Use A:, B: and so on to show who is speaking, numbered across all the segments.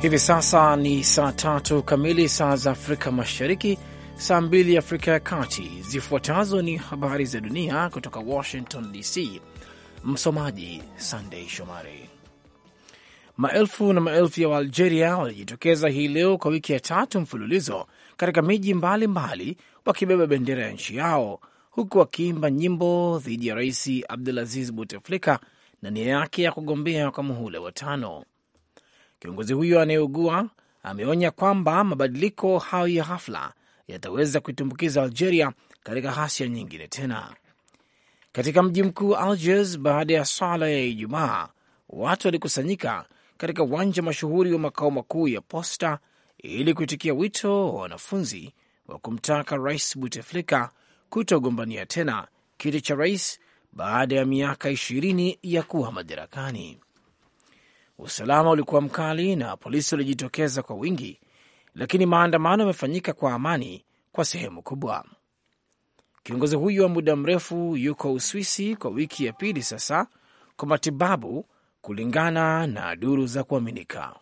A: Hivi sasa ni saa tatu kamili saa za Afrika Mashariki, saa mbili Afrika ya Kati. Zifuatazo ni habari za dunia kutoka Washington DC. Msomaji Sandei Shomari. Maelfu na maelfu ya Waalgeria walijitokeza hii leo kwa wiki ya tatu mfululizo katika miji mbalimbali wakibeba bendera ya nchi yao huku wakiimba nyimbo dhidi ya Rais Abdulaziz Buteflika na nia yake ya kugombea kwa muhula wa tano. Kiongozi huyo anayeugua ameonya kwamba mabadiliko hayo ya ghafla yataweza kuitumbukiza Algeria katika ghasia nyingine tena. Katika mji mkuu Algiers, baada ya swala ya Ijumaa, watu walikusanyika katika uwanja mashuhuri wa makao makuu ya posta ili kuitikia wito wa wanafunzi wa kumtaka Rais buteflika kutogombania tena kiti cha rais baada ya miaka ishirini ya kuwa madarakani. Usalama ulikuwa mkali na polisi walijitokeza kwa wingi, lakini maandamano yamefanyika kwa amani kwa sehemu kubwa. Kiongozi huyu wa muda mrefu yuko Uswisi kwa wiki ya pili sasa kwa matibabu, kulingana na duru za kuaminika.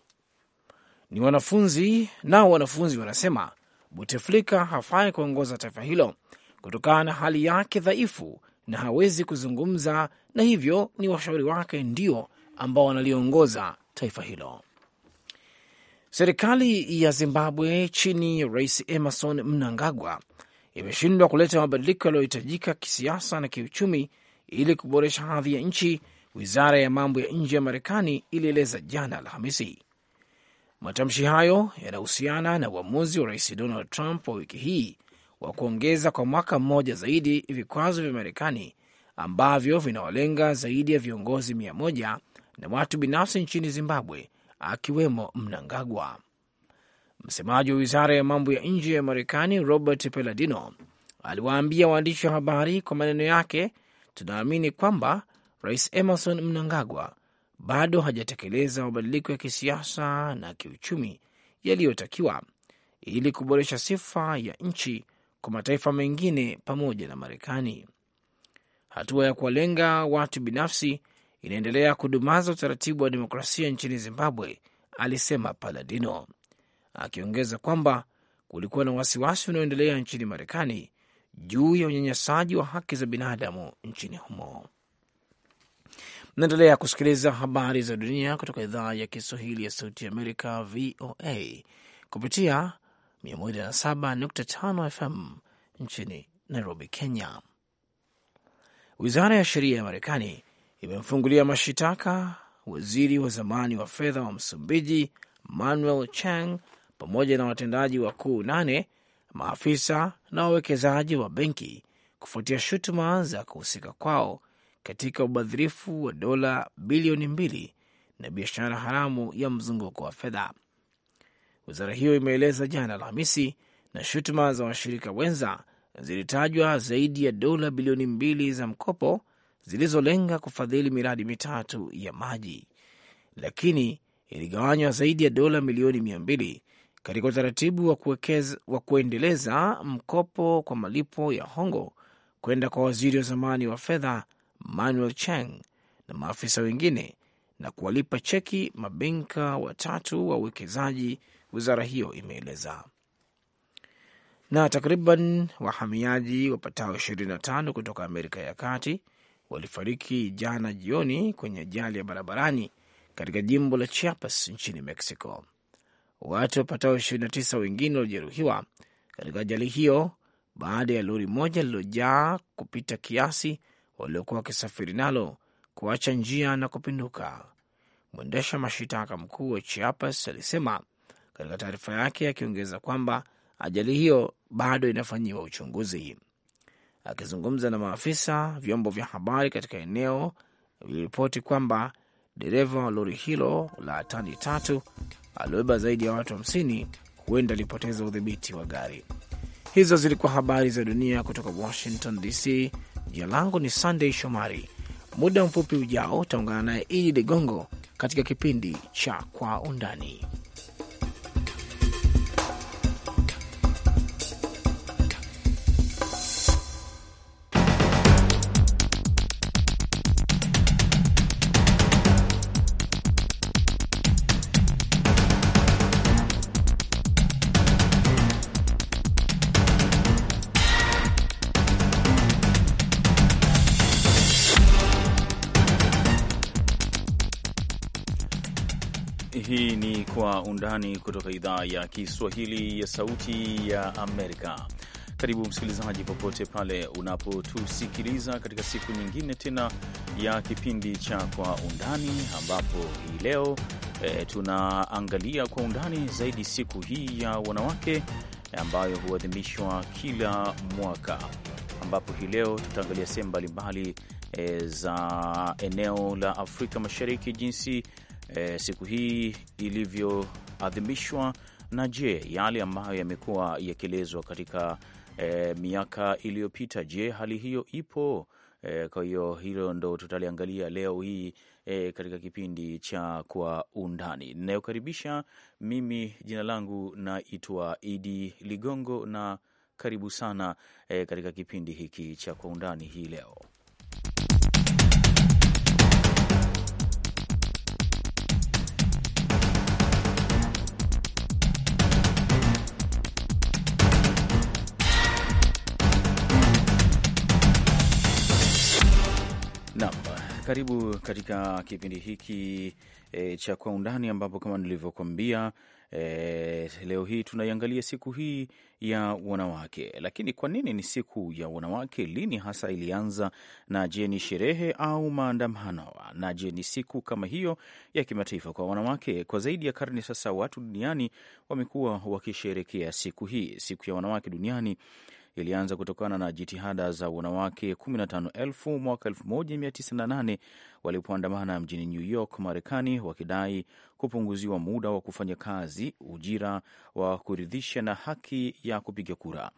A: Ni wanafunzi nao, wanafunzi wanasema Buteflika hafai kuongoza taifa hilo kutokana na hali yake dhaifu na hawezi kuzungumza, na hivyo ni washauri wake ndio ambao wanaliongoza taifa hilo. Serikali ya Zimbabwe chini ya Rais Emerson Mnangagwa imeshindwa kuleta mabadiliko yaliyohitajika kisiasa na kiuchumi ili kuboresha hadhi ya nchi, wizara ya mambo ya nje ya Marekani ilieleza jana Alhamisi. Matamshi hayo yanahusiana na uamuzi wa Rais Donald Trump wa wiki hii wa kuongeza kwa mwaka mmoja zaidi vikwazo vya Marekani ambavyo vinawalenga zaidi ya viongozi mia moja na watu binafsi nchini Zimbabwe, akiwemo Mnangagwa. Msemaji wa wizara ya mambo ya nje ya Marekani Robert Peladino aliwaambia waandishi wa habari kwa maneno yake, tunaamini kwamba Rais Emerson Mnangagwa bado hajatekeleza mabadiliko ya kisiasa na kiuchumi yaliyotakiwa ili kuboresha sifa ya nchi kwa mataifa mengine pamoja na Marekani. Hatua ya kuwalenga watu binafsi inaendelea kudumaza utaratibu wa demokrasia nchini Zimbabwe, alisema Paladino, akiongeza kwamba kulikuwa na wasiwasi unaoendelea nchini Marekani juu ya unyanyasaji wa haki za binadamu nchini humo. Mnaendelea kusikiliza habari za dunia kutoka idhaa ya Kiswahili ya Sauti ya Amerika, VOA, kupitia 107.5 FM nchini Nairobi, Kenya. Wizara ya sheria ya Marekani imemfungulia mashitaka waziri wa zamani wa fedha wa Msumbiji Manuel Chang pamoja na watendaji wakuu nane, maafisa na wawekezaji wa benki kufuatia shutuma za kuhusika kwao katika ubadhirifu wa dola bilioni mbili na biashara haramu ya mzunguko wa fedha. Wizara hiyo imeeleza jana Alhamisi, na shutuma za washirika wenza zilitajwa zaidi ya dola bilioni mbili za mkopo zilizolenga kufadhili miradi mitatu ya maji, lakini iligawanywa zaidi ya dola milioni mia mbili katika utaratibu wa wa kuendeleza mkopo kwa malipo ya hongo kwenda kwa waziri wa zamani wa fedha Manuel Chang na maafisa wengine na kuwalipa cheki mabenka watatu wa uwekezaji, wizara hiyo imeeleza. Na takriban wahamiaji wapatao 25 kutoka Amerika ya Kati walifariki jana jioni kwenye ajali ya barabarani katika jimbo la Chiapas nchini Mexico. Watu wapatao 29 wengine walijeruhiwa katika ajali hiyo baada ya lori moja lililojaa kupita kiasi waliokuwa wakisafiri nalo kuacha njia na kupinduka. Mwendesha mashitaka mkuu wa Chiapas alisema katika taarifa yake, akiongeza kwamba ajali hiyo bado inafanyiwa uchunguzi. Akizungumza na maafisa vyombo vya habari katika eneo, viliripoti kwamba dereva wa lori hilo la tani tatu aliobeba zaidi ya watu hamsini huenda alipoteza udhibiti wa gari. Hizo zilikuwa habari za dunia kutoka Washington DC. Jina langu ni sandey Shomari. Muda mfupi ujao utaungana naye Idi Ligongo katika kipindi cha Kwa Undani.
B: ni Kwa Undani kutoka idhaa ya Kiswahili ya Sauti ya Amerika. Karibu msikilizaji, popote pale unapotusikiliza katika siku nyingine tena ya kipindi cha Kwa Undani, ambapo hii leo e, tunaangalia kwa undani zaidi siku hii ya wanawake eh, ambayo huadhimishwa kila mwaka, ambapo hii leo tutaangalia sehemu mbalimbali e, za eneo la Afrika Mashariki, jinsi e, siku hii ilivyoadhimishwa, na je, yale ambayo yamekuwa yakielezwa katika e, miaka iliyopita, je, hali hiyo ipo? E, kwa hiyo hilo ndo tutaliangalia leo hii e, katika kipindi cha Kwa Undani ninayokaribisha mimi. Jina langu naitwa Idi Ligongo na karibu sana e, katika kipindi hiki cha Kwa Undani hii leo. Karibu katika kipindi hiki e, cha Kwa Undani, ambapo kama nilivyokuambia e, leo hii tunaiangalia siku hii ya wanawake. Lakini kwa nini ni siku ya wanawake? Lini hasa ilianza? Na je, ni sherehe au maandamano? Na je, ni siku kama hiyo ya kimataifa kwa wanawake? Kwa zaidi ya karne sasa, watu duniani wamekuwa wakisherekea siku hii, siku ya wanawake duniani ilianza kutokana na jitihada za wanawake 15,000 mwaka walipoandamana mjini New York, Marekani, wakidai kupunguziwa muda wa kufanya kazi, ujira wa kuridhisha na haki ya kupiga kura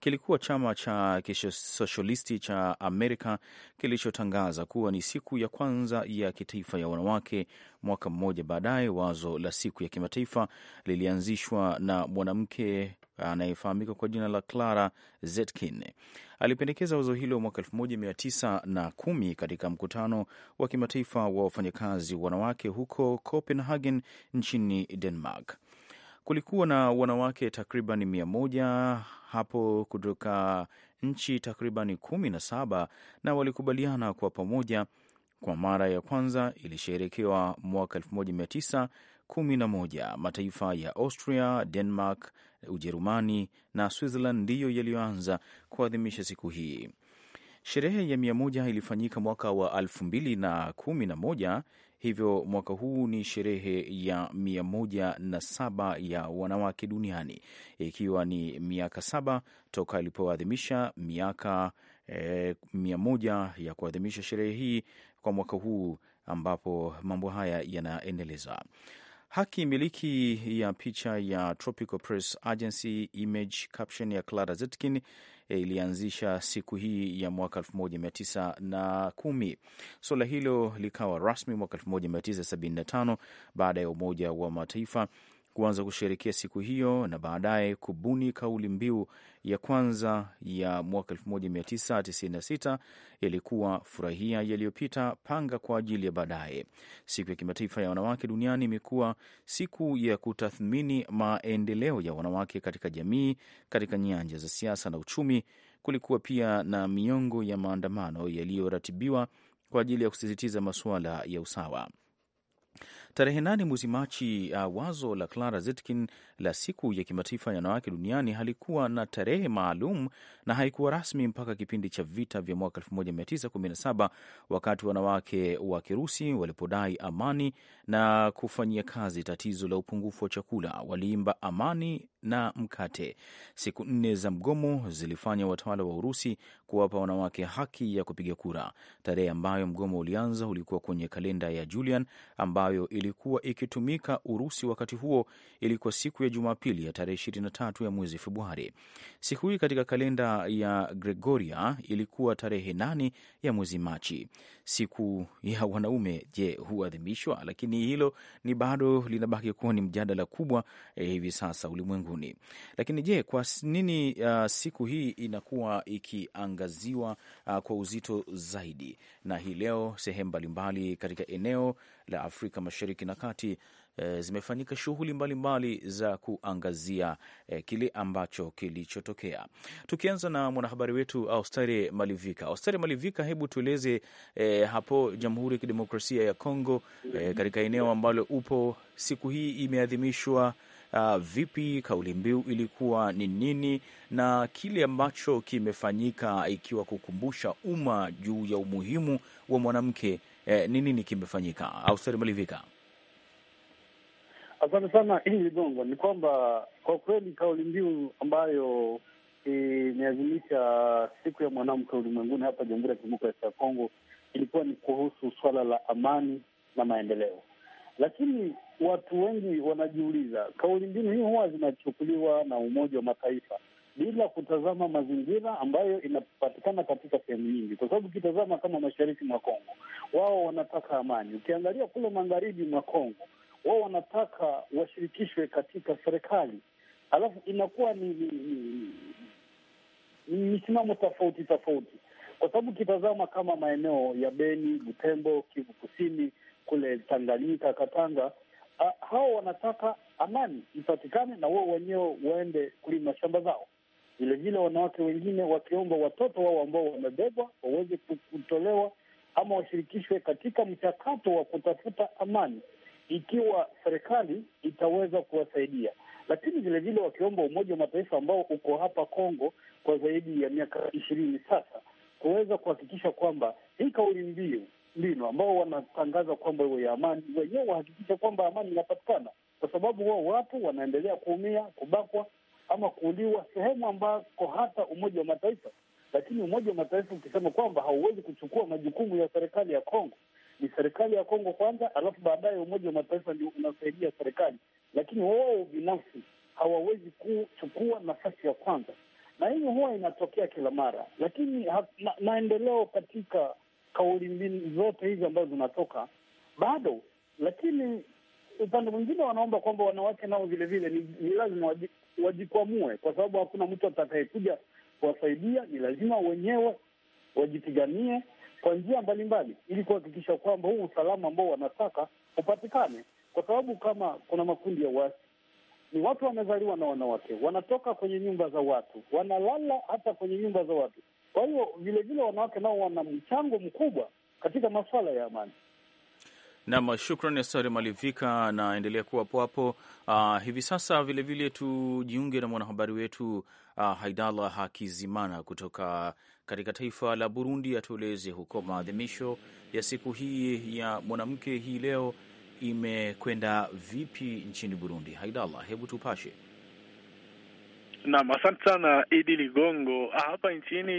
B: kilikuwa chama cha kisosialisti cha Amerika kilichotangaza kuwa ni siku ya kwanza ya kitaifa ya wanawake. Mwaka mmoja baadaye, wazo la siku ya kimataifa lilianzishwa na mwanamke anayefahamika kwa jina la Clara Zetkin. Alipendekeza wazo hilo mwaka kumi katika mkutano wa kimataifa wa wafanyakazi wanawake huko Copenhagen nchini Denmark. Kulikuwa na wanawake takriban mia moja hapo kutoka nchi takriban kumi na saba na walikubaliana kwa pamoja. Kwa mara ya kwanza ilisherekewa mwaka moja. Mataifa ya Austria, Denmark, Ujerumani na Switzerland ndiyo yaliyoanza kuadhimisha siku hii. Sherehe ya mia moja ilifanyika mwaka wa moja Hivyo mwaka huu ni sherehe ya mia moja na saba ya wanawake duniani ikiwa ni miaka saba toka ilipoadhimisha miaka e, mia moja ya kuadhimisha sherehe hii kwa mwaka huu ambapo mambo haya yanaendelezwa. Haki miliki ya picha ya Tropical Press Agency, image caption ya Clara Zetkin Eh, ilianzisha siku hii ya mwaka elfu moja mia na kumi Suala hilo likawa rasmi mwaka elfu moja mia tano baada ya Umoja wa Mataifa kuanza kusherekea siku hiyo na baadaye kubuni kauli mbiu ya kwanza ya mwaka 1996 ilikuwa furahia yaliyopita, panga kwa ajili ya baadaye. Siku ya kimataifa ya wanawake duniani imekuwa siku ya kutathmini maendeleo ya wanawake katika jamii, katika nyanja za siasa na uchumi. Kulikuwa pia na miongo ya maandamano yaliyoratibiwa kwa ajili ya kusisitiza masuala ya usawa. Tarehe nane mwezi Machi, uh, wazo la Clara Zetkin la siku ya kimataifa ya wanawake duniani halikuwa na tarehe maalum na haikuwa rasmi mpaka kipindi cha vita vya mwaka 1917 wakati wanawake wa Kirusi walipodai amani na kufanyia kazi tatizo la upungufu wa chakula. Waliimba amani na mkate. Siku nne za mgomo zilifanya watawala wa Urusi kuwapa wanawake haki ya kupiga kura. Tarehe ambayo mgomo ulianza ulikuwa kwenye kalenda ya Julian ambayo ilikuwa ikitumika Urusi wakati huo, ilikuwa siku ya Jumapili ya tarehe 23 ya mwezi Februari. Siku hii katika kalenda ya Gregoria ilikuwa tarehe nane ya mwezi Machi. Siku ya wanaume, je, huadhimishwa? Lakini hilo ni bado linabaki kuwa ni mjadala kubwa eh, hivi sasa ulimwengu karibuni. Lakini je, kwa nini uh, siku hii inakuwa ikiangaziwa uh, kwa uzito zaidi, na hii leo sehemu mbalimbali katika eneo la Afrika Mashariki na Kati uh, zimefanyika shughuli mbalimbali za kuangazia eh, kile ambacho kilichotokea, tukianza na mwanahabari wetu Austare Malivika. Austare Malivika, hebu tueleze eh, hapo Jamhuri ya Kidemokrasia ya Kongo eh, katika eneo ambalo upo siku hii imeadhimishwa uh, vipi kauli mbiu ilikuwa ni nini na kile ambacho kimefanyika, ikiwa kukumbusha umma juu ya umuhimu wa mwanamke eh, ni eh, nini kimefanyika? Austeri Malivika.
C: Asante sana hii Ligongo, ni kwamba kwa kweli kauli mbiu ambayo imeazimisha e, siku ya mwanamke ulimwenguni hapa Jamhuri ya Kidemokrasia ya Kongo ilikuwa ni kuhusu swala la amani na maendeleo, lakini watu wengi wanajiuliza, kauli mbinu hii huwa zinachukuliwa na Umoja wa Mataifa bila kutazama mazingira ambayo inapatikana katika sehemu nyingi, kwa sababu ukitazama kama mashariki mwa Kongo, wao wanataka amani. Ukiangalia kule magharibi mwa Kongo, wao wanataka washirikishwe katika serikali, alafu inakuwa ni misimamo tofauti tofauti, kwa sababu ukitazama kama maeneo ya Beni, Butembo, Kivu Kusini, kule Tanganyika, Katanga hao wanataka amani ipatikane na wao wenyewe waende kulima shamba zao. Vilevile wanawake wengine wakiomba watoto wao ambao wamebebwa waweze kutolewa ama washirikishwe katika mchakato wa kutafuta amani, ikiwa serikali itaweza kuwasaidia. Lakini vilevile wakiomba Umoja wa Mataifa ambao uko hapa Kongo kwa zaidi ya miaka ishirini sasa kuweza kuhakikisha kwamba hii kauli mbiu mbinu ambao wanatangaza kwamba iwe ya amani, wenyewe wahakikishe kwamba amani inapatikana, kwa sababu wao wapo wanaendelea kuumia, kubakwa ama kuuliwa sehemu ambako hata Umoja wa Mataifa. Lakini Umoja wa Mataifa ukisema kwamba hauwezi kuchukua majukumu ya serikali ya Kongo, ni serikali ya Kongo kwanza, alafu baadaye Umoja wa Mataifa ndio unasaidia serikali, lakini wao binafsi hawawezi kuchukua nafasi ya kwanza, na hiyo huwa inatokea kila mara, lakini maendeleo katika kauli mbili zote hizi ambazo zinatoka bado, lakini upande mwingine wanaomba kwamba wanawake nao vilevile ni, ni lazima wajikwamue, kwa sababu hakuna mtu atakayekuja kuwasaidia. Ni lazima wenyewe wajipiganie kwa njia mbalimbali, ili kuhakikisha kwamba huu usalama ambao wanataka upatikane, kwa sababu kama kuna makundi ya wasi ni watu wamezaliwa na wanawake, wanatoka kwenye nyumba za watu, wanalala hata kwenye nyumba za watu. Kwa hiyo vilevile wanawake nao wana mchango mkubwa katika masuala ya amani.
B: Nam, shukran Asari Malivika, naendelea kuwapo hapo. Uh, hivi sasa vilevile tujiunge na mwanahabari wetu uh, ah, Haidala Hakizimana kutoka katika taifa la Burundi, atueleze huko maadhimisho ya siku hii ya mwanamke hii leo imekwenda vipi nchini Burundi. Haidala, hebu tupashe.
D: Naam, asante sana Idi Ligongo. Ah, hapa nchini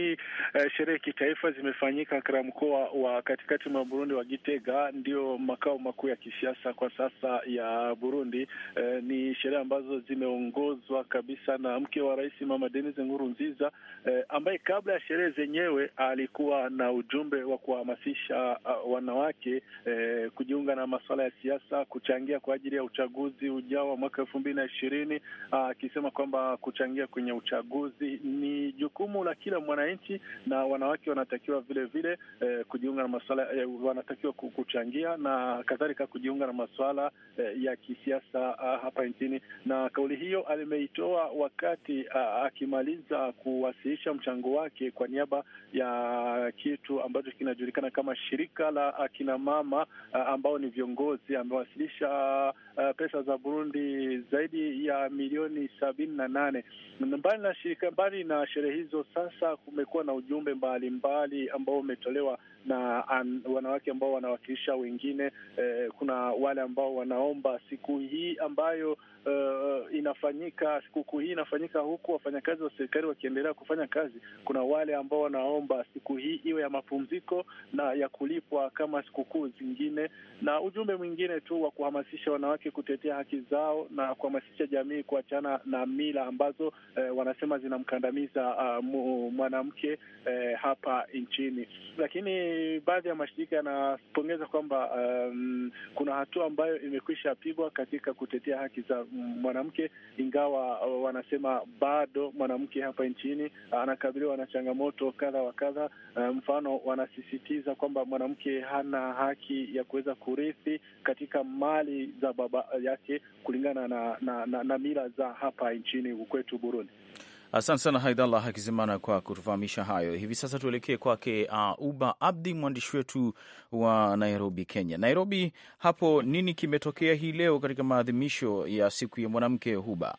D: eh, sherehe kitaifa zimefanyika katika mkoa wa katikati mwa Burundi wa Gitega, ndio makao makuu ya kisiasa kwa sasa ya Burundi. Eh, ni sherehe ambazo zimeongozwa kabisa na mke wa rais Mama Denise Nkurunziza, eh, ambaye kabla ya sherehe zenyewe alikuwa na ujumbe wa kuhamasisha uh, wanawake eh, kujiunga na masuala ya siasa, kuchangia kwa ajili ya uchaguzi ujao wa mwaka elfu mbili na ishirini ah, akisema uh, kwamba kuchangia kuingia kwenye uchaguzi. Ni jukumu la kila mwananchi, na wanawake wanatakiwa vile vile eh, kujiunga na masuala eh, wanatakiwa kuchangia na kadhalika kujiunga na masuala eh, ya kisiasa ah, hapa nchini. Na kauli hiyo alimeitoa wakati ah, akimaliza kuwasilisha mchango wake kwa niaba ya kitu ambacho kinajulikana kama shirika la akina mama ah, ambao ni viongozi. Amewasilisha ah, ah pesa za Burundi zaidi ya milioni sabini na nane Mbali na shirika, mbali na sherehe hizo, sasa kumekuwa na ujumbe mbalimbali ambao umetolewa na an, wanawake ambao wanawakilisha wengine eh, kuna wale ambao wanaomba siku hii ambayo uh, inafanyika sikukuu hii inafanyika huku wafanyakazi wa serikali wakiendelea kufanya kazi, kuna wale ambao wanaomba siku hii iwe ya mapumziko na ya kulipwa kama sikukuu zingine, na ujumbe mwingine tu wa kuhamasisha wanawake kutetea haki zao na kuhamasisha jamii kuachana na mila ambazo eh, wanasema zinamkandamiza uh, mwanamke eh, hapa nchini. Lakini baadhi ya mashirika yanapongeza kwamba um, kuna hatua ambayo imekwisha pigwa katika kutetea haki za mwanamke, ingawa uh, wanasema bado mwanamke hapa nchini uh, anakabiliwa na changamoto kadha wa kadha. Uh, mfano, wanasisitiza kwamba mwanamke hana haki ya kuweza kurithi katika mali za baba yake kulingana na, na, na, na mila za hapa nchini kwetu Burundi.
B: Asante sana Haidallah Hakizimana kwa kutufahamisha hayo. Hivi sasa tuelekee kwake uh, Uba Abdi, mwandishi wetu wa Nairobi, Kenya. Nairobi hapo, nini kimetokea hii leo katika maadhimisho ya siku ya mwanamke Huba?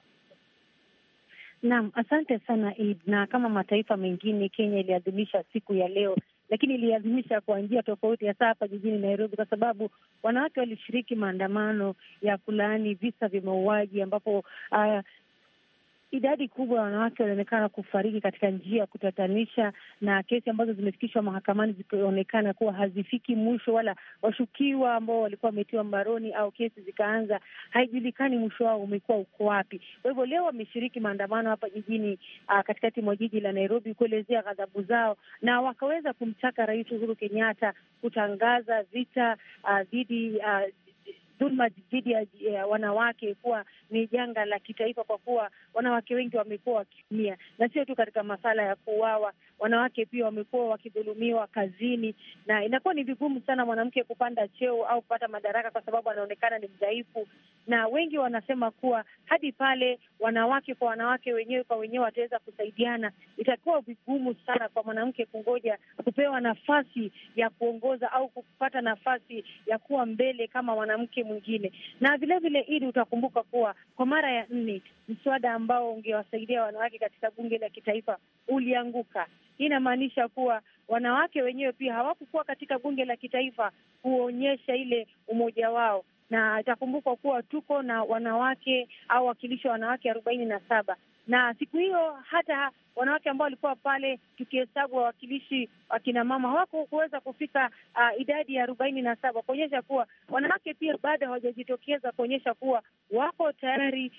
E: Naam, asante sana Id. Na kama mataifa mengine, Kenya iliadhimisha siku ya leo, lakini iliadhimisha kwa njia tofauti, hasa hapa jijini Nairobi, kwa sababu wanawake walishiriki maandamano ya kulaani visa vya mauaji ambapo uh, idadi kubwa ya wanawake walionekana kufariki katika njia ya kutatanisha, na kesi ambazo zimefikishwa mahakamani zikionekana kuwa hazifiki mwisho, wala washukiwa ambao walikuwa wametiwa mbaroni au kesi zikaanza, haijulikani mwisho wao umekuwa uko wapi. Kwa hivyo leo wameshiriki maandamano hapa jijini uh, katikati mwa jiji la Nairobi kuelezea ghadhabu zao, na wakaweza kumtaka Rais Uhuru Kenyatta kutangaza vita ah, dhidi uh, dhulma dhidi ya wanawake kuwa ni janga la kitaifa, kwa kuwa wanawake wengi wamekuwa wakiumia, na sio tu katika masala ya kuuawa, wanawake pia wamekuwa wakidhulumiwa kazini, na inakuwa ni vigumu sana mwanamke kupanda cheo au kupata madaraka kwa sababu anaonekana ni mdhaifu, na wengi wanasema kuwa hadi pale wanawake kwa wanawake wenyewe kwa wenyewe wataweza kusaidiana, itakuwa vigumu sana kwa mwanamke kungoja kupewa nafasi ya kuongoza au kupata nafasi ya kuwa mbele kama mwanamke mwingine. Na vilevile ili utakumbuka kuwa kwa mara ya nne mswada ambao ungewasaidia wanawake katika bunge la kitaifa ulianguka. Hii inamaanisha kuwa wanawake wenyewe pia hawakukuwa katika bunge la kitaifa kuonyesha ile umoja wao, na itakumbukwa kuwa tuko na wanawake au wakilishi wa wanawake arobaini na saba na siku hiyo hata wanawake ambao walikuwa pale tukihesabu wawakilishi wa wakinamama hawakuweza kufika uh, idadi ya arobaini na saba kuonyesha kuwa wanawake pia bado hawajajitokeza kuonyesha kuwa wako tayari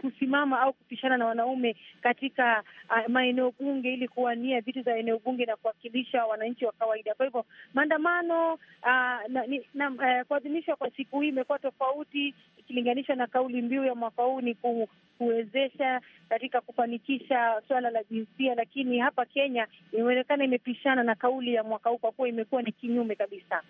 E: kusimama au kupishana na wanaume katika uh, maeneo bunge ili kuwania vitu za eneo bunge na kuwakilisha wananchi wa kawaida. Kwa hivyo maandamano uh, kuadhimishwa kwa siku hii imekuwa tofauti ikilinganishwa na kauli mbiu ya mwaka huu ni kuwezesha katika kufanikisha suala la jinsia, lakini hapa Kenya imeonekana imepishana na kauli ya mwaka huu, kwa kuwa imekuwa ni kinyume kabisa.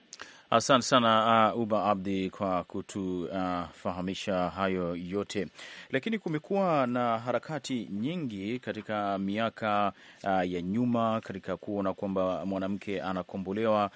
B: Asante sana uh, Uba Abdi kwa kutufahamisha uh, hayo yote, lakini kumekuwa na harakati nyingi katika miaka uh, ya nyuma katika kuona kwamba mwanamke anakombolewa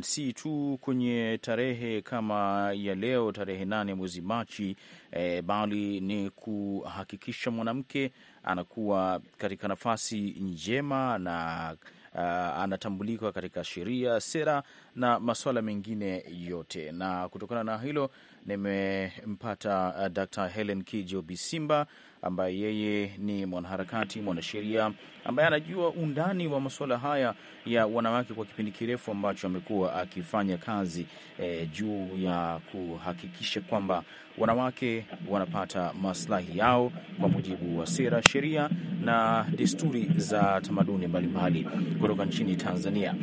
B: si tu kwenye tarehe kama ya leo tarehe nane mwezi Machi eh, bali ni kuhakikisha mwanamke anakuwa katika nafasi njema na uh, anatambulika katika sheria, sera na masuala mengine yote, na kutokana na hilo nimempata uh, Dr. Helen Kijo Bisimba ambaye yeye ni mwanaharakati mwanasheria ambaye anajua undani wa masuala haya ya wanawake kwa kipindi kirefu ambacho amekuwa akifanya kazi e, juu ya kuhakikisha kwamba wanawake wanapata maslahi yao kwa mujibu wa sera, sheria na desturi za tamaduni mbalimbali kutoka nchini Tanzania.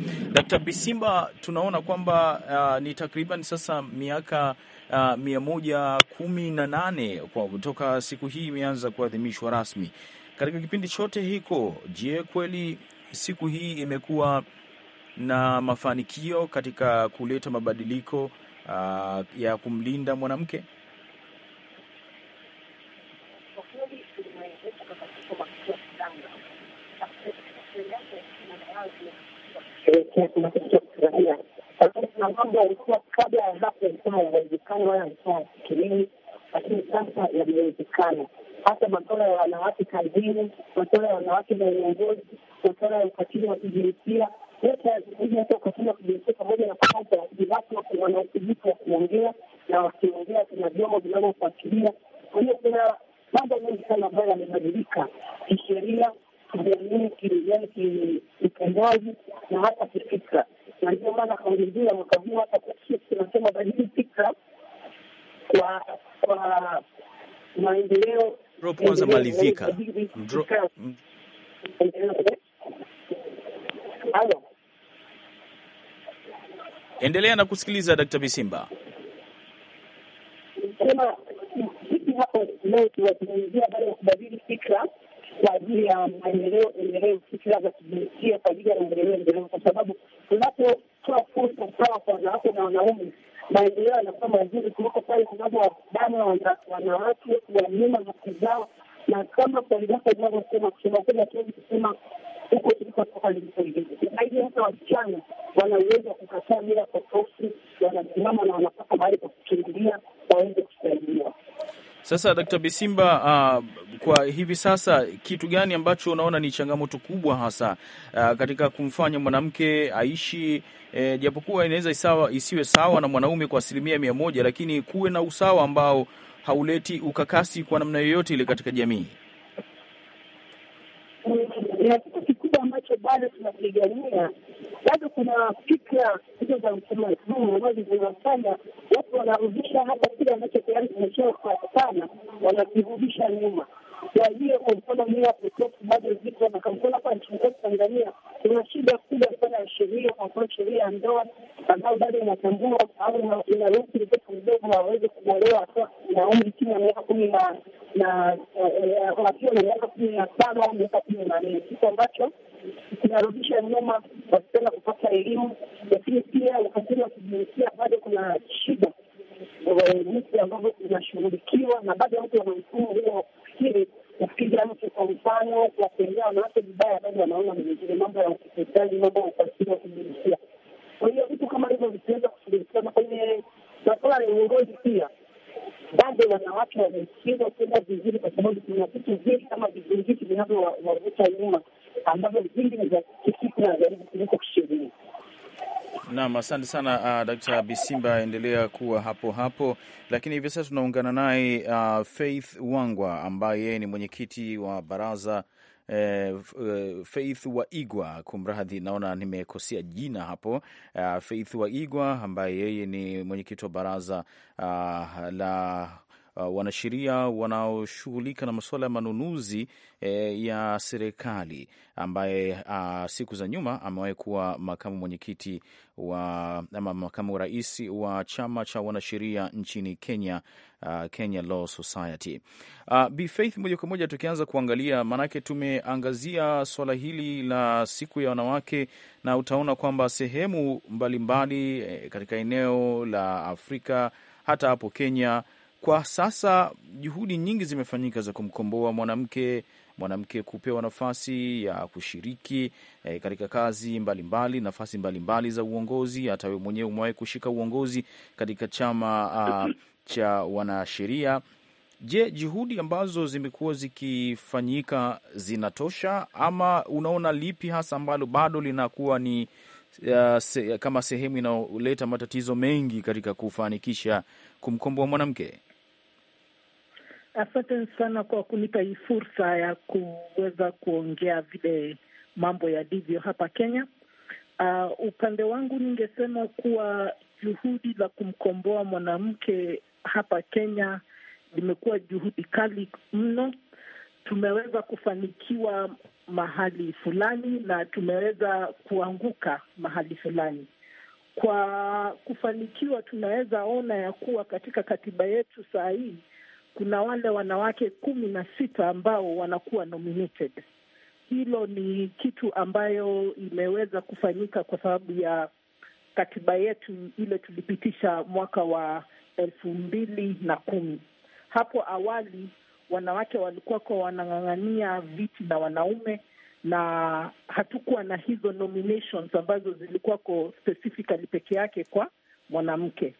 B: d Bisimba, tunaona kwamba uh, ni takriban sasa miaka Uh, mia moja kumi na nane kwa kutoka siku hii imeanza kuadhimishwa rasmi. Katika kipindi chote hiko, je, kweli siku hii imekuwa na mafanikio katika kuleta mabadiliko uh, ya kumlinda mwanamke?
F: wanasema uwajibikani wale walikuwa wafikirii, lakini sasa yamewezekana, hata masuala ya wanawake kazini, masuala ya wanawake na uongozi, masuala ya ukatili wa kijinsia yote hata ukatili wa kijinsia, pamoja na kwamba utaratibu wake wa kuongea na wakiongea, kuna vyombo vinavyofuatilia. Kwa hiyo kuna mambo mengi sana ambayo yamebadilika kisheria, kijamii, kiutendaji na hata kifikra na ndio maana kaongezea mwaka huu hata tunasema badili fikra kwa kwa maendeleo. Kwanza malizika
B: Endelea na kusikiliza Dkt. Bisimba.
F: Sema sisi hapo leo tunaingia habari ya kubadili fikra kwa ajili ya maendeleo endelevu, fikira za kijinsia kwa ajili ya maendeleo endelevu, kwa sababu tunapotoa fursa sawa kwa wanawake na wanaume, maendeleo yanakuwa mazuri kuliko pale tunapowabana wanawake, kuwanyima haki zao. Na kama kwaliako inavyosema, kusema kweli, hatuwezi kusema huko tulikotoka zaidi. Hata wasichana wana uwezo wa kukataa mila potofu, wanasimama na wanapata mahali pa kuchungulia waweze kusaidiwa.
B: Sasa Dkt. Bisimba, uh, kwa hivi sasa kitu gani ambacho unaona ni changamoto kubwa hasa uh, katika kumfanya mwanamke aishi eh, japokuwa inaweza isawa, isiwe sawa na mwanaume kwa asilimia mia moja, lakini kuwe na usawa ambao hauleti ukakasi kwa namna yoyote ile katika jamii
F: ambacho bado tunapigania, bado kuna fikra hizo za utamaduni ambazo zinawafanya watu wanarudisha hata kile ambacho tayari kimeshaa kupatikana, wanakirudisha nyuma. Kwa hiyo kwa mfano miaotu bado ziko na kampuni hapa nchini kwetu Tanzania, kuna shida kubwa sana ya sheria. Kwa mfano sheria ya ndoa ambayo bado inatambua au inaruhusu mtoto mdogo aweze kuolewa na umri chini ya miaka kumi na wakiwa eh, eh, eh, na miaka kumi na tano au miaka kumi na nne kitu ambacho kinarudisha nyuma wasichana kupata elimu, lakini pia ukatili wa kijinsia bado kuna shida eh, jinsi ambavyo inashughulikiwa, na bado watu wana mfumo huo wa kufikiri kupiga mtu kwa mfano, kuwatendea wanawake vibaya, bado wanaona vilevile mambo ya ukeketaji, mambo ya ukatili wa kijinsia. Kwa hiyo vitu kama hivyo vitaweza na kwenye masuala ya uongozi pia bado wanawake wameshindwa kwenda vizuri, kwa sababu kuna vitu vingi kama vizingiti vinavyowavuta nyuma ambazo vingi ni vya kifikra zaidi kuliko kisheria.
B: Naam, asante sana uh, Dkt. Bisimba, endelea kuwa hapo hapo. Lakini hivi sasa tunaungana naye uh, Faith Wangwa ambaye yeye ni mwenyekiti wa baraza uh, Faith wa Igwa, kumradhi, naona nimekosea jina hapo. Uh, Faith wa Igwa ambaye yeye ni mwenyekiti wa baraza uh, la uh, wanasheria wanaoshughulika na masuala ya manunuzi eh, ya serikali ambaye uh, siku za nyuma amewahi kuwa makamu mwenyekiti wa ama makamu rais wa chama cha wanasheria nchini Kenya, uh, Kenya Law Society. Uh, Bi Faith, moja kwa moja tukianza kuangalia, maanake tumeangazia swala hili la siku ya wanawake, na utaona kwamba sehemu mbalimbali mbali, eh, katika eneo la Afrika hata hapo Kenya kwa sasa juhudi nyingi zimefanyika za kumkomboa mwanamke mwanamke kupewa nafasi ya kushiriki eh, katika kazi mbalimbali mbali, nafasi mbalimbali mbali za uongozi. Hata wewe mwenyewe umewahi kushika uongozi katika chama uh, cha wanasheria. Je, juhudi ambazo zimekuwa zikifanyika zinatosha, ama unaona lipi hasa ambalo bado linakuwa ni uh, se, kama sehemu inayoleta matatizo mengi katika kufanikisha kumkomboa mwanamke?
G: Asante sana kwa kunipa hii fursa ya kuweza kuongea vile mambo yalivyo hapa Kenya. Uh, upande wangu ningesema kuwa juhudi za kumkomboa mwanamke hapa Kenya limekuwa juhudi kali mno. Tumeweza kufanikiwa mahali fulani na tumeweza kuanguka mahali fulani. Kwa kufanikiwa, tunaweza ona ya kuwa katika katiba yetu saa hii kuna wale wanawake kumi na sita ambao wanakuwa nominated. Hilo ni kitu ambayo imeweza kufanyika kwa sababu ya katiba yetu ile tulipitisha mwaka wa elfu mbili na kumi. Hapo awali wanawake walikuwako wanang'ang'ania viti na wanaume, na hatukuwa na hizo nominations ambazo zilikuwako specifically peke yake kwa mwanamke.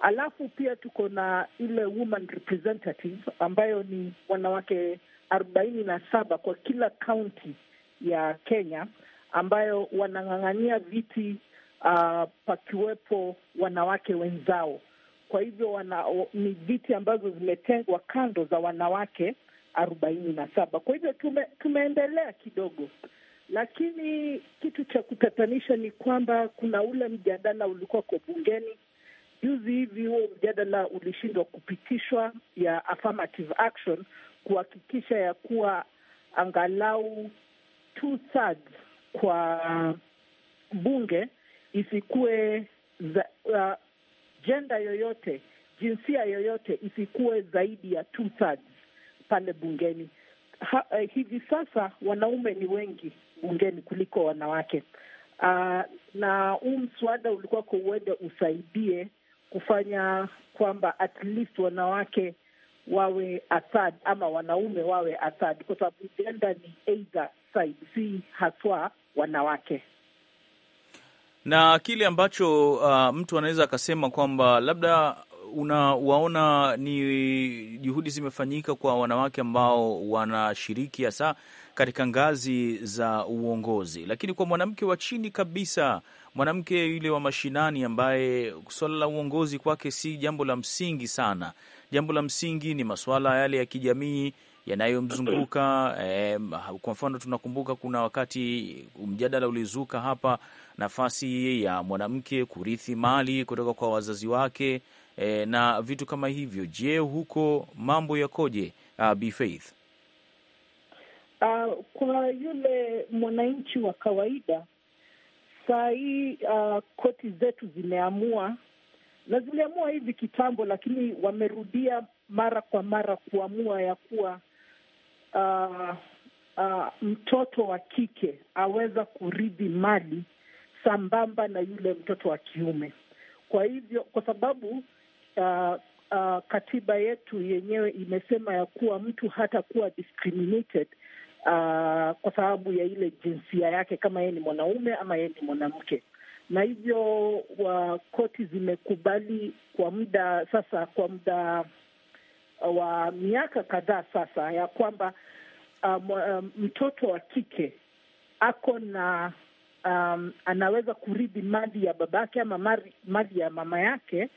G: Alafu pia tuko na ile woman representative ambayo ni wanawake arobaini na saba kwa kila kaunti ya Kenya ambayo wanang'ang'ania viti uh, pakiwepo wanawake wenzao. Kwa hivyo wana, ni viti ambazo zimetengwa kando za wanawake arobaini na saba. Kwa hivyo tume, tumeendelea kidogo, lakini kitu cha kutatanisha ni kwamba kuna ule mjadala ulikuwa kwa bungeni Juzi hivi huo mjadala ulishindwa kupitishwa ya affirmative action kuhakikisha ya kuwa angalau two thirds kwa bunge isikuwe za, uh, jenda yoyote jinsia yoyote isikuwe zaidi ya two thirds pale bungeni. Ha, uh, hivi sasa wanaume ni wengi bungeni kuliko wanawake uh, na huu mswada ulikuwako uende usaidie kufanya kwamba at least wanawake wawe asad ama wanaume wawe asad, kwa sababu jenda ni either side, si haswa wanawake
B: na kile ambacho uh, mtu anaweza akasema kwamba labda unawaona ni juhudi zimefanyika kwa wanawake ambao wanashiriki hasa katika ngazi za uongozi, lakini kwa mwanamke wa chini kabisa, mwanamke yule wa mashinani, ambaye swala la uongozi kwake si jambo la msingi sana, jambo la msingi ni masuala yale ya kijamii yanayomzunguka eh. Kwa mfano tunakumbuka kuna wakati mjadala ulizuka hapa, nafasi ya mwanamke kurithi mali kutoka kwa wazazi wake e, na vitu kama hivyo. Je, huko mambo yakoje? Uh, Bi Faith,
G: uh, kwa yule mwananchi wa kawaida saa hii uh, ah, koti zetu zimeamua na ziliamua hivi kitambo, lakini wamerudia mara kwa mara kuamua ya kuwa uh, uh, mtoto wa kike aweza kurithi mali sambamba na yule mtoto wa kiume. Kwa hivyo, kwa sababu uh, uh, katiba yetu yenyewe imesema ya kuwa mtu hata discriminated uh, kwa sababu ya ile jinsia yake, kama yeye ni mwanaume ama yeye ni mwanamke na hivyo wa uh, koti zimekubali kwa muda sasa, kwa muda uh, wa miaka kadhaa sasa, ya kwamba uh, um, mtoto wa kike ako na um, anaweza kurithi mali ya babake ama mali ya mama yake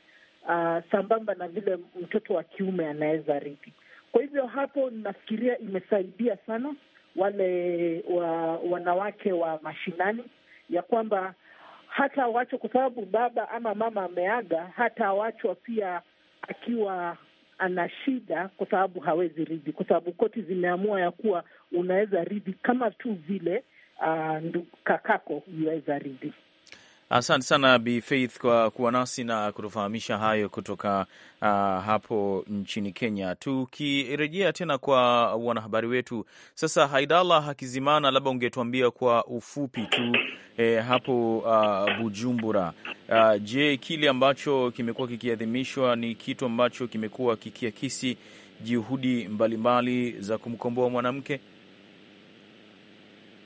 G: uh, sambamba na vile mtoto wa kiume anaweza rithi. Kwa hivyo hapo nafikiria imesaidia sana wale wa wanawake wa mashinani ya kwamba hata wachwa kwa sababu baba ama mama ameaga, hata wachwa pia akiwa ana shida, kwa sababu hawezi ridhi, kwa sababu koti zimeamua ya kuwa unaweza ridhi kama tu vile uh, kakako yuweza ridhi.
B: Asante sana Bi Faith kwa kuwa nasi na kutufahamisha hayo kutoka uh, hapo nchini Kenya. Tukirejea tena kwa wanahabari wetu sasa, Haidala Hakizimana, labda ungetuambia kwa ufupi tu eh, hapo uh, Bujumbura, uh, je, kile ambacho kimekuwa kikiadhimishwa ni kitu ambacho kimekuwa kikiakisi juhudi mbalimbali za kumkomboa mwanamke?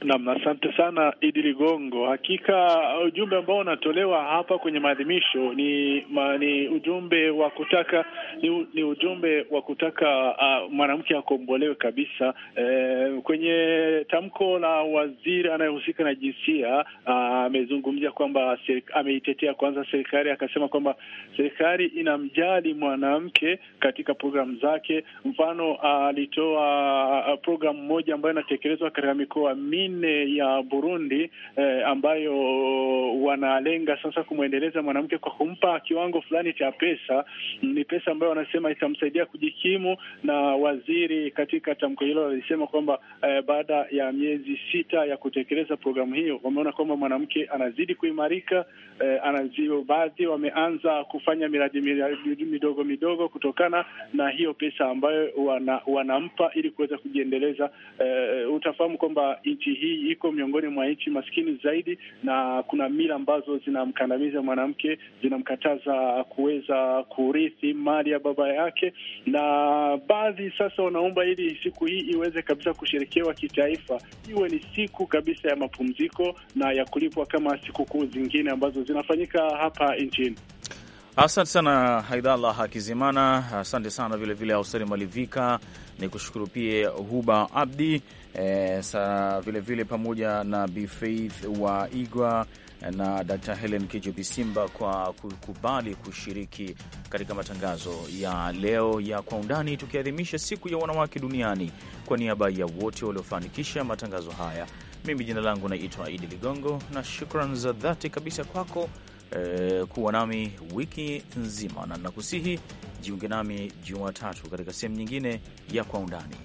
D: Naam, asante sana Idi Ligongo. Hakika uh, ujumbe ambao unatolewa hapa kwenye maadhimisho ni, ma, ni ujumbe wa kutaka ni, ni ujumbe wa kutaka uh, mwanamke akombolewe kabisa. E, kwenye tamko la waziri anayehusika na jinsia uh, amezungumzia kwamba ameitetea kwanza serikali, akasema kwamba serikali inamjali mwanamke katika programu zake. Mfano uh, alitoa uh, programu moja ambayo inatekelezwa katika mikoa minne ya Burundi eh, ambayo wanalenga sasa kumwendeleza mwanamke kwa kumpa kiwango fulani cha pesa. Ni pesa ambayo wanasema itamsaidia kujikimu, na waziri katika tamko hilo walisema kwamba eh, baada ya miezi sita ya kutekeleza programu hiyo wameona kwamba mwanamke anazidi kuimarika, eh, anazio baadhi wameanza kufanya miradi, miradi midogo midogo kutokana na hiyo pesa ambayo wana, wanampa ili kuweza kujiendeleza. Eh, utafahamu kwamba nchi hii iko miongoni mwa nchi maskini zaidi, na kuna mila ambazo zinamkandamiza mwanamke, zinamkataza kuweza kurithi mali ya baba yake, na baadhi sasa wanaomba ili siku hii iweze kabisa kusherekewa kitaifa, iwe ni siku kabisa ya mapumziko na ya kulipwa kama sikukuu zingine ambazo zinafanyika hapa nchini.
B: Asante sana Haidhallah Hakizimana, asante sana vilevile Auseri Malivika, ni kushukuru pia Huba Abdi e, sa vilevile pamoja na bfaith wa Igwa na Dr Helen Kijo Simba kwa kukubali kushiriki katika matangazo ya leo ya Kwa Undani, tukiadhimisha siku ya wanawake duniani. Kwa niaba ya wote waliofanikisha matangazo haya, mimi jina langu naitwa Idi Ligongo na shukran za dhati kabisa kwako Eh, kuwa nami wiki nzima, na nakusihi jiunge nami Jumatatu katika sehemu nyingine ya Kwa Undani.